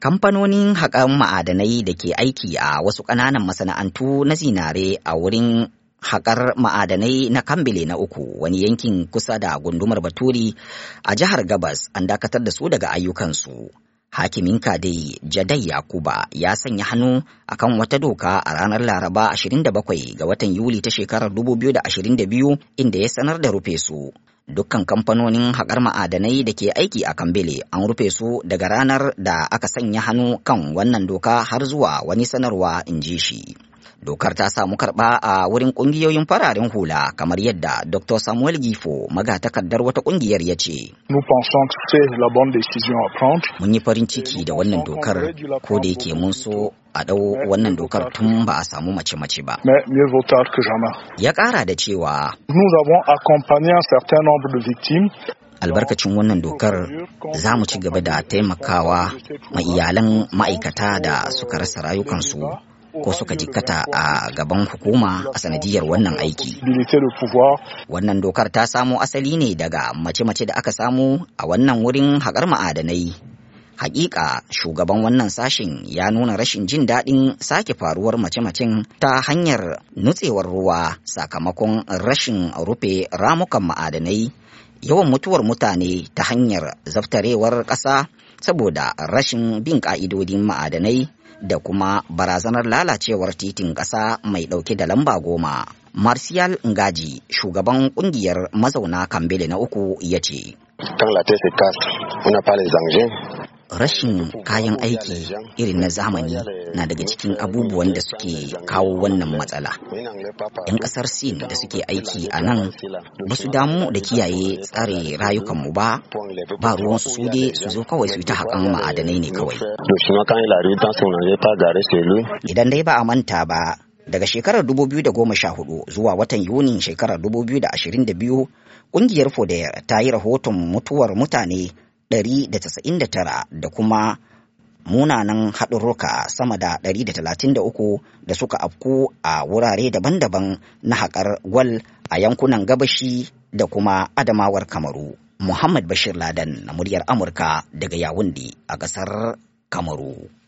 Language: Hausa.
kamfanonin haƙan ma'adanai da ke aiki a wasu ƙananan masana'antu na zinare a wurin haƙar ma'adanai na kambile na uku wani yankin kusa da gundumar baturi a jihar gabas an dakatar da su daga ayyukansu hakimin kadai jadai yakuba ya sanya hannu akan wata doka a ranar laraba 27 ga watan yuli ta shekarar 2022 inda ya sanar da rufe su dukkan kamfanonin haƙar ma'adanai da ke aiki a kambele an rufe su daga ranar da aka sanya hannu kan wannan doka har zuwa wani sanarwa in ji shi dokar ta samu karɓa a wurin ƙungiyoyin fararen hula kamar yadda dr samuel gifo magatakardar wata ƙungiyar ya ce mun yi farin ciki da wannan dokar ko da yake mun so a dau wannan dokar tun ba a samu mace-mace ba. Ya ƙara da cewa. Albarkacin wannan dokar za mu ci gaba da taimakawa ma iyalan ma'aikata da suka rasa rayukansu ko suka jikkata a gaban hukuma a sanadiyar wannan aiki. Wannan dokar ta samo asali ne daga mace-mace da aka samu a wannan wurin haƙar ma'adanai. Hakika shugaban wannan sashin ya nuna rashin jin daɗin sake faruwar mace-macen ta hanyar nutsewar ruwa sakamakon rashin rufe ramukan ma'adanai yawan mutuwar mutane ta hanyar zaftarewar ƙasa saboda rashin bin ƙa'idodin ma'adanai da kuma barazanar lalacewar titin ƙasa mai ɗauke da lamba goma. Martial Ngaji, shugaban ƙungiyar mazauna Kambele na uku ya ce. Quand la casse, on n'a rashin kayan aiki irin na zamani na daga cikin abubuwan da suke kawo wannan matsala. 'Yan kasar Sin da suke aiki a nan ba su damu da kiyaye tsare rayukanmu ba, ba ruwan su dai su zo kawai su ta haƙan ma'adanai ne kawai. Idan dai ba a manta ba, daga shekarar 2014 zuwa watan Yunin shekarar 2022, ƙungiyar Fodayar ta yi rahoton mutuwar mutane 199 da kuma munanan haɗurruka sama da 133 da suka afku a wurare daban-daban na haƙar gwal a yankunan gabashi da kuma adamawar kamaru. Muhammad Bashir Ladan na muryar Amurka daga Yawundi a ƙasar Kamaru.